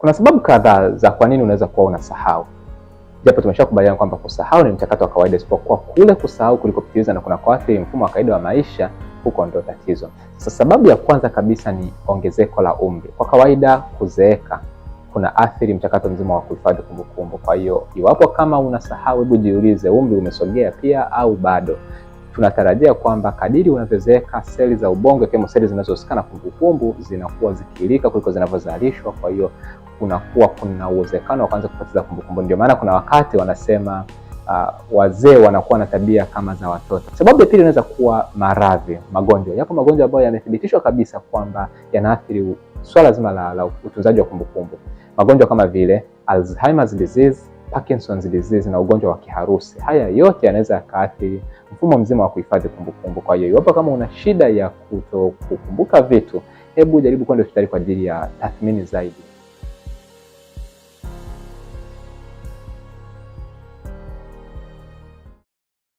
Kuna sababu kadhaa za kwa nini unaweza kuwa unasahau, japo tumeshakubaliana kwamba kusahau ni mchakato wa kawaida, isipokuwa kule kusahau kulikopitiliza na kuna kuathiri mfumo wa kawaida wa maisha, huko ndio tatizo. Sasa sababu ya kwanza kabisa ni ongezeko la umri. Kwa kawaida kuzeeka kuna athiri mchakato mzima wa kuhifadhi kumbukumbu. Kwa hiyo iwapo kama unasahau, hebu jiulize, umri umesogea pia au bado? tunatarajia kwamba kadiri unavyozeeka seli za ubongo ikiwemo seli zinazohusika na kumbukumbu zinakuwa zikilika kuliko zinavyozalishwa. Kwa hiyo kunakuwa kuna uwezekano wa kuanza kupoteza kumbukumbu. Ndio maana kuna wakati wanasema uh, wazee wanakuwa na tabia kama za watoto. Sababu ya pili inaweza kuwa maradhi, magonjwa. Yapo magonjwa ambayo yamethibitishwa kabisa kwamba yanaathiri swala zima la, la utunzaji wa kumbukumbu. Magonjwa kama vile Alzheimer's disease, Parkinson's disease na ugonjwa wa kiharusi. Haya yote yanaweza yakaathiri mfumo mzima wa kuhifadhi kumbukumbu. Kwa hiyo iwapo kama una shida ya kuto vitu, hebu jaribu kwenda hospitali kwa ajili ya tathmini zaidi.